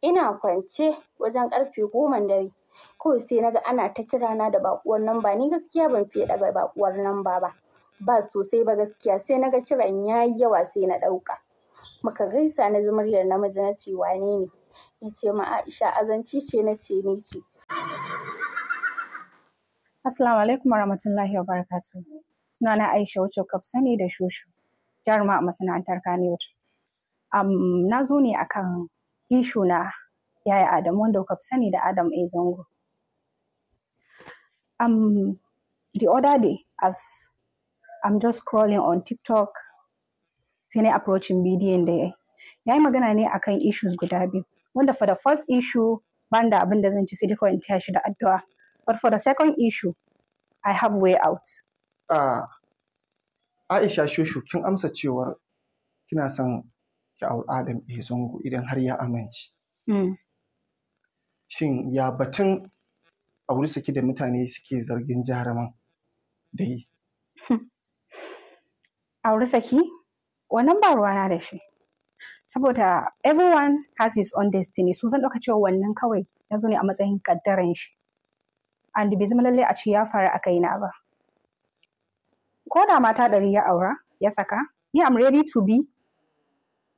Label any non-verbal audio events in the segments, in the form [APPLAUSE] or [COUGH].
ina kwance wajen karfe goman dare kawai sai ga ana ta kirana da bakuwar namba ni gaskiya ban fiye daga bakuwar namba ba ba sosai ba gaskiya sai naga kiran yayi yawa sai na ɗauka. muka gaisa na ji muryar namiji na ce wane ne ya ce ma Aisha azanci ce na ce ni ce Assalamu alaikum warahmatullahi wabarakatuh sunana Aisha wacce kafsani da shushu jaruma a masana'antar Kanewood um, na zo ne akan ishu na yaya Adamu wanda kuka fi sani da Adam A. Zango. Um, the other day, as I'm just scrolling on TikTok, sai na approaching bidiyon da Ya yi magana ne akan issues guda biyu, wanda for the first issue ban da abin da zan ci sai kawai in taya shi da addu'a. But for the second issue, I have way out. Uh, Aisha Shushu, kin amsa cewar kina son ki auri Adam Zango idan har ya amince. Hmm. Shin ya batun auri saki da mutane suke zargin jaruman da yi? Hmm. Auri saki? Wannan ba ruwana da shi. Saboda everyone has his own destiny, su zan ɗauka cewa wannan kawai ya zo ne a matsayin kaddaran shi. And bai zama lallai a ce ya faru a kaina ba. Ko da mata ɗari ya aura, ya saka, ni am ready to be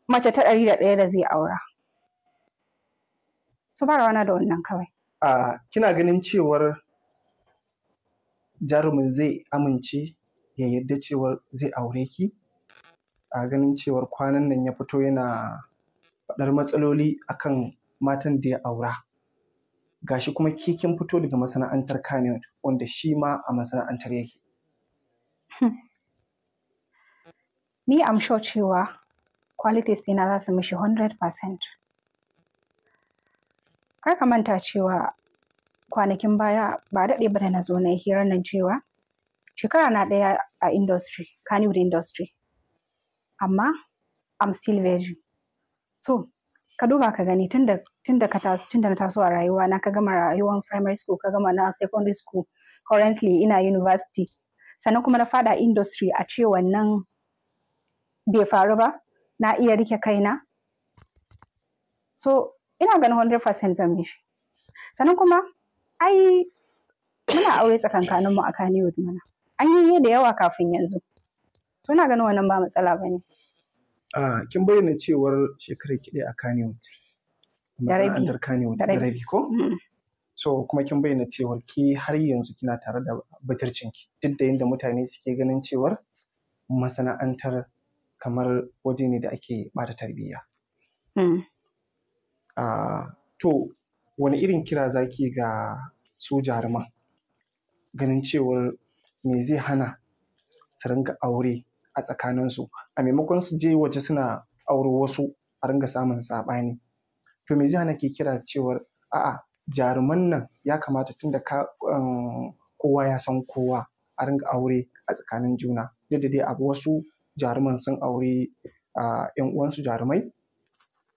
mace ta ɗari da ɗaya da zai aura su ba rawana da wannan kawai a kina ganin cewar jarumin zai amince ya yarda cewar zai aure ki a ganin cewar kwanan nan ya fito yana faɗar matsaloli akan matan da ya aura gashi kuma ke fito daga masana'antar kane wanda shi ma a masana'antar yake hmm. ni am cewa qualities ɗina za su mishi 100%. Kar ka manta cewa kwanakin baya ba daɗe ba da na zo na yi hirar nan cewa shekara na ɗaya a industry, Kannywood industry. Amma I'm still virgin. So, ka duba ka gani tunda tun na taso a rayuwa na ka gama rayuwan primary school ka gama na secondary school currently ina university sannan kuma na fada industry a ce wannan bai faru ba na iya rike kaina so ina ganin 100% zan mishi sannan kuma ai muna aure tsakankaninmu a kaniwood mana an yi da yawa kafin yanzu so ina ganin wannan ba matsala ba ne kin bayyana cewar shekarar kiɗe a kaniwood masana'antar kaniwood ko mm. so kuma kin bayyana cewar ki har yanzu kina tare da batircinki duk da yadda mutane suke ganin cewar masana'antar kamar waje ne da ake ɓata tarbiyya. Hmm. To, wani irin kira zaki ga su jaruman ganin cewar me zai hana su ringa aure a tsakaninsu a maimakon su je waje suna auro wasu a ringa samun saɓani. To me zai hana ke kira cewar a'a jaruman nan ya kamata tunda ka um, kowa ya san kowa a ringa aure a tsakanin juna yadda dai abu wasu jaruman sun auri a uwansu jarumai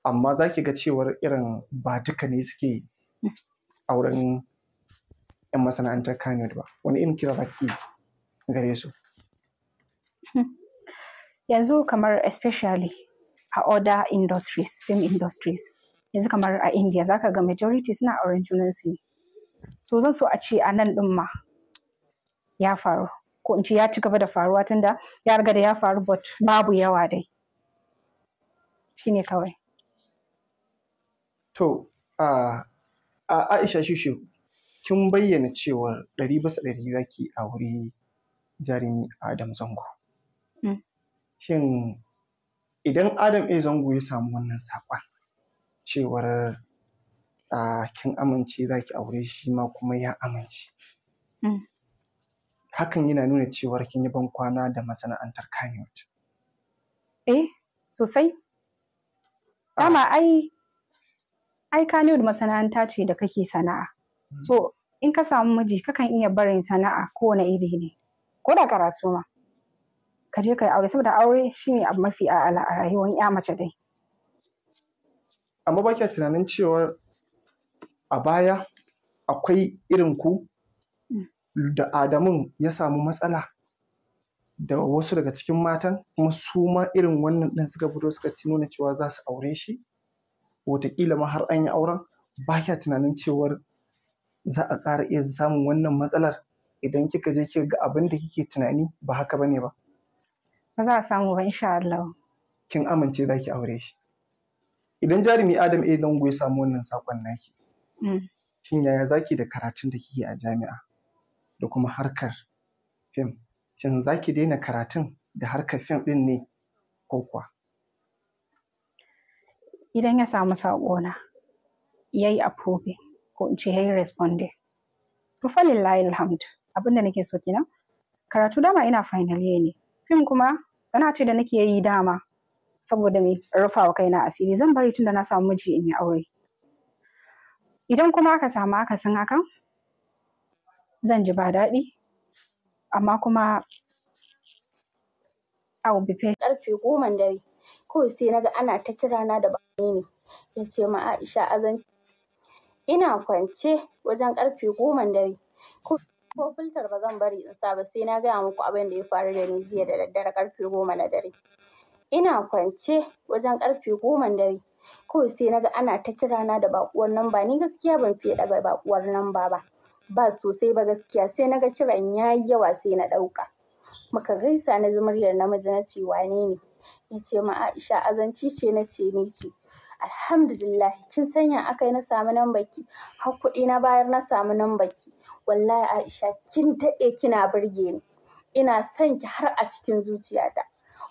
amma za ki ga cewar irin ba duka ne suke auren yan masana'antar kanyar ba wani irin kira baki gare su [LAUGHS] yanzu kamar especially a other industries film industries yanzu kamar a india zaka ga majority suna auren junansu ne so zan so a ce a nan ma ya faru ko in ce ya ci gaba da faruwa tunda ya riga da ya faru but babu yawa dai shine kawai to a Aisha Shushu kin bayyana cewa ɗari bisa ɗari zaki a wuri jarumi Adam Zango mm. shin idan Adam A Zango ya samu wannan saƙon cewar kin amince zaki aure shi ma kuma ya amince mm. hakan yana nuna cewar kin yi ban kwana da masana'antar Kanyot. Eh, sosai. Dama ah. ai, ai masana'anta ce da kake sana'a. Hmm. So, in ka samu miji kakan iya barin sana'a kowane iri ne, ko da karatu ma. Ka je ka yi aure, saboda aure shine abu mafi a rayuwar 'ya mace dai. amma ba tunanin cewar a baya akwai irin ku da Adamun ya samu matsala da wasu daga cikin matan kuma su ma irin wannan ɗin suka fito suka ci nuna cewa za su aure shi wataƙila ma har an yi auren ba kya tunanin cewar za a ƙara iya samun wannan matsalar idan kika je kika ga abin da kike tunani ba haka bane ba ba za a samu ba insha Allah kin amince za ki aure shi idan jarumi Adam A ya samu wannan sakon naki mm. shin yaya zaki da karatun da kike a jami'a da kuma harkar fim shin za ki daina karatun da harkar fim ɗin ne ko kuwa idan ya samu saƙona ya yi approving ko in ce ya yi responde, to falillahi alhamd abin da nake so kina karatu dama ina final year ne fim kuma sana ce da nake yi dama saboda mai rufawa na asiri zan bari tun da na samu miji in yi aure idan kuma aka samu aka san hakan zan ji ba daɗi amma kuma I'll be Karfe goma dare kawai sai naga ana ta kira na da bani ne ya ce ma Aisha azanci ina kwance wajen karfe goma dare ko filtar ba zan bari in sa ba sai na gaya muku abin da ya faru da ni jiya da daddare karfe goma na dare ina kwance wajen karfe goma dare kawai sai naga ana ta kira na da bakuwar namba ni gaskiya ban fiye daga bakuwar namba ba ba sosai ba gaskiya sai na ga kiran ya yi yawa sai na ɗauka muka gaisa na ji muryar namiji na ce wane ne ya ce ma Aisha azanci ce na ce ni ce alhamdulillah kin sanya akai na samu nan ki har kuɗi na bayar na samu nan ki wallahi Aisha kin daɗe kina burge ni ina son ki har a cikin zuciyata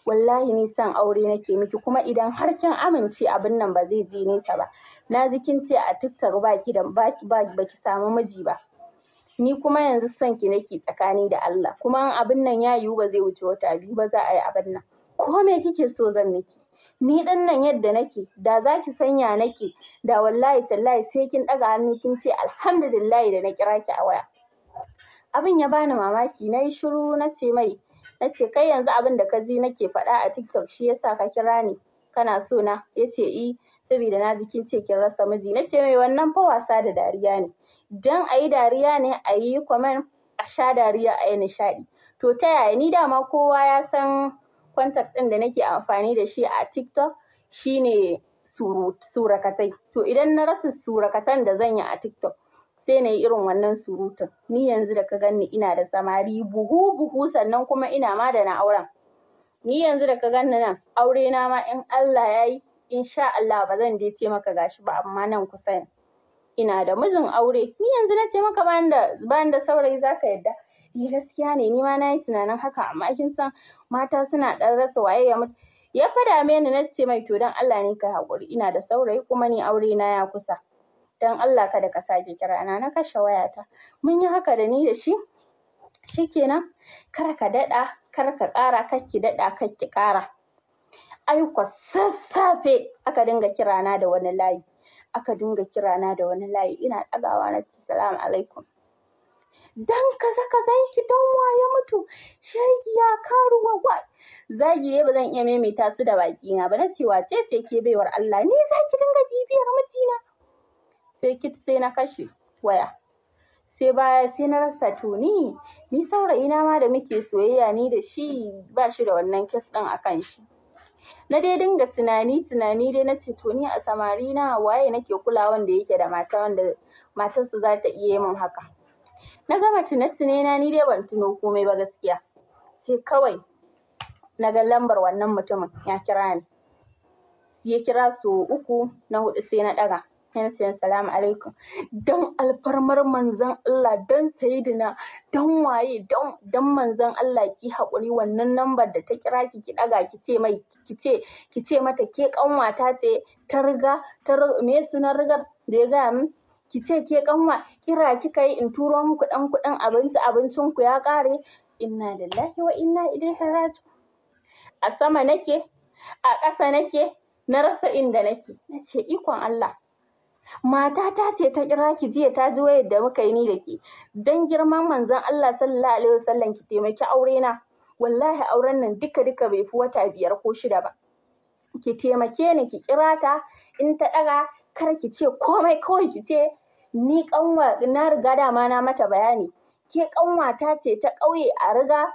wallahi ni son aure nake miki kuma idan har kin amince abin nan ba zai je nesa ba na ji kin ce a tiktok baki da baki baki samu miji ba ni kuma yanzu son ki nake tsakani da Allah kuma in abin nan ya yiwu ba zai wuce wata biyu ba za a yi abin nan ko me kike so zan miki ni dan nan yadda nake da zaki sanya nake da wallahi tallahi sai kin daga hannu kin ce alhamdulillah da na kira ki a waya abin ya bani mamaki na yi shiru na ce mai na kai yanzu abin da ka ji nake faɗa a tiktok shi yasa ka kira ni kana so na yace ce i eh, saboda na ji kin ce kin rasa miji na ce mai wannan fa wasa da dariya ne dan ayi dariya ne a yi comment a sha dariya a yi nishaɗi to ta yaya ni dama kowa ya san contact ɗin da nake amfani da shi a tiktok shine surakatai to idan na rasa surakatan da zan yi a tiktok sai na yi irin wannan surutun ni yanzu da ka ganni ina da samari buhu buhu sannan kuma ina ma da na auren ni yanzu da ka ganni nan aure na ma in Allah ya yi insha Allah ba zan dai ce maka gashi ba amma nan kusa ne ina da mijin aure ni yanzu na ce maka bani da bani da saurayi zaka yadda eh gaskiya ne ni ma na yi tunanin haka amma kin san mata suna ɗan rasa waye ya mutu ya faɗa mini na ce mai to don Allah ne kai haƙuri ina da saurayi kuma ni aure na ya kusa don Allah kada ka sake kira na na kashe wayata mun yi haka da ni da shi shikenan kar ka daɗa kar ka ƙara kar ki daɗa kar ki ƙara ai sassafe aka dinga kirana da wani layi aka dinga kirana da wani layi ina ɗagawa na ce salamu alaikum dan kaza kazanki don ya mutu ya karuwa wa zagi ba zan iya maimaita su da baki na ba na ce wace ce ke baiwar Allah ni zaki dinga bibiyar mijina sai kit sai na kashe waya sai baya sai na rasa tuni ni saurayina ma da muke soyayya ni da shi ba shi da wannan kes din akan shi na dai dinga tunani tunani dai na ce to ni a samari na waye nake kula wanda yake da mata wanda matarsa za ta iya yi min haka na gama tune-tune na ni dai ban tuno komai ba gaskiya sai kawai na ga lambar wannan mutumin ya kira ni ya kira so uku na huɗu sai na ɗaga sai ce assalamu alaikum Don alfarmar manzon Allah don sayidina don waye don manzan manzon Allah ki haƙuri wannan lambar da ta kira ki ki daga ki ce mai ki ce ki ce mata ke kanwata ce ta riga ta me sunan rigar da ya gaya min ki ce ke kanwa kira kika yi in turo muku dan kuɗin abinci abincin ku ya ƙare inna lillahi wa inna ilaihi raji'un a sama nake a ƙasa nake na rasa inda nake na ce ikon Allah matata ce ta kira ki jiya ta ji wayar da muka yi ni da ke dan girman manzon Allah sallallahu alaihi wasallam ki taimaki aure na wallahi auren nan duka duka bai fi wata biyar ko shida ba ki taimake ni ki kira ta in ta ɗaga kar ki ce komai kawai ki ce ni kanwa na riga dama na mata bayani ke kanwata ce ta ƙauye a riga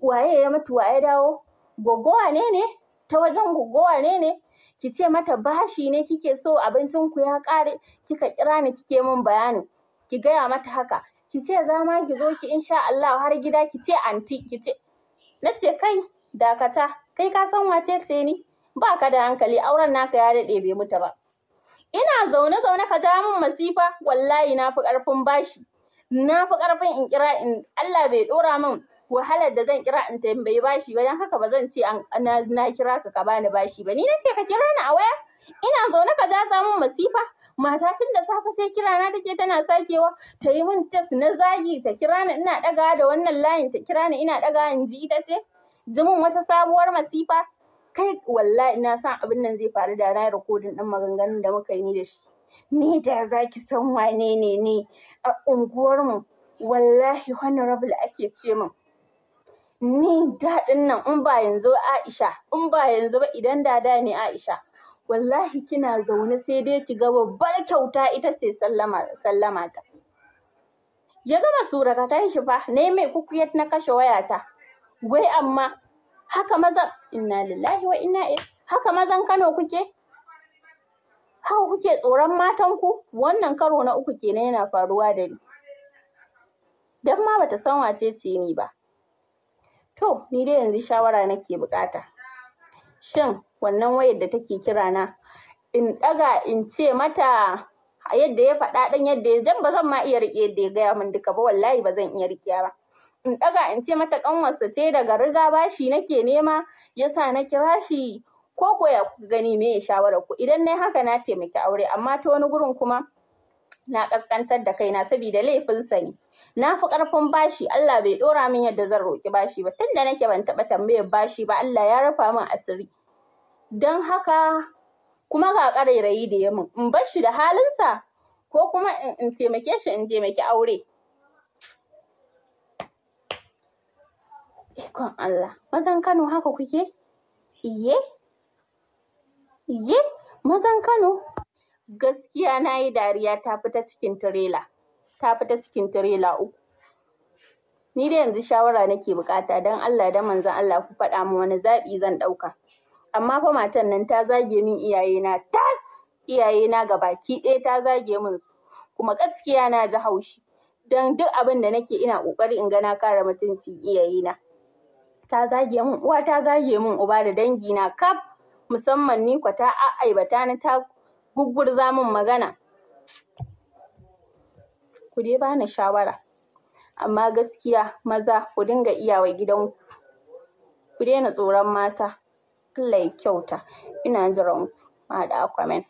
waye ya mutu waye dawo gogowa ne ne ta wajen gogowa ne ne ki ce mata bashi ne kike so abincin ku ya kare? kika kira ni kike min bayani ki gaya mata haka ki ce za ma ki zo ki insha Allah har gida ki ce anti ki ce na ce kai dakata kai ka san wace ce ni ba ka da hankali auren naka ya daɗe bai mutu ba ina zaune zaune ka ja min masifa wallahi na fi ƙarfin bashi na fi ƙarfin in kira in Allah bai dora min wahalar da zan kira in tambayi bashi ba don haka ba zan ce na kira ka ka bani bashi ba ni nace ka kira ni a waya ina zaune ka jaza min masifa mata tun da safe sai kira na take tana sakewa ta yi min tes na zagi ta kira ni ina ɗaga da wannan layin ta kira ni ina ɗaga in ji ita ce ji mun wata sabuwar masifa kai wallahi na san abin nan zai faru da na rikodin ɗin maganganun da muka yi ni da shi ni da za ki san wane ne ne a unguwarmu wallahi honorable ake ce min ni daɗin nan in ba yanzu Aisha in ba yanzu ba idan da da ne Aisha wallahi kina zaune sai dai ki ga babbar kyauta ita ce sallama sallama ta ya gama ka shi fa ne mai kukuyar na kashe wayata wai amma haka mazan inna lillahi wa inna ilaihi haka mazan Kano kuke haka kuke tsoron matan ku wannan karo na uku kenan yana faruwa da ni dan ma bata san wace ce ni ba Oh, ni dai yanzu shawara nake bukata shin wannan wayar da take kira na in daga in ce mata yadda ya faɗa ɗan yadda ya zan ba zan ma iya riƙe yadda ya gaya min duka ba wallahi ba zan iya riƙe ba in daga in ce mata ƙanwarsa ce daga riga bashi nake nema yasa na kira shi ko ko ya gani me ya shawara ku idan nayi haka na taimaki aure amma ta wani gurin kuma na ƙasƙantar da kaina saboda laifinsa ne na fi ƙarfin bashi Allah bai ɗora min yadda zan roƙi bashi ba tun da nake ban taɓa tambayar bashi ba Allah ya rufa min asiri don haka kuma ga ƙarairayi da ya in bar shi da halinsa ko kuma in taimake shi in taimaki aure ikon Allah mazan Kano haka kuke iye iye mazan Kano gaskiya na yi dariya ta fita cikin tirela ta fi ta cikin tirela uku ni dai yanzu shawara nake bukata don Allah da manzon Allah ku faɗa mu wani zaɓi zan ɗauka amma fa matan nan ta zage min iyayena tas iyayena ga baki ɗaya ta zage min kuma gaskiya na ji haushi don duk abin da nake ina ƙoƙari in gana kare mutunci iyayena ta zage min uwa ta zage min uba da dangi na kaf musamman ni kwata ta ni ta gugurza min magana ku dai bani shawara amma gaskiya maza ku dinga iyawa gidanku ku daina tsoron mata Allah ya kyauta ina jiran ku ma da a comment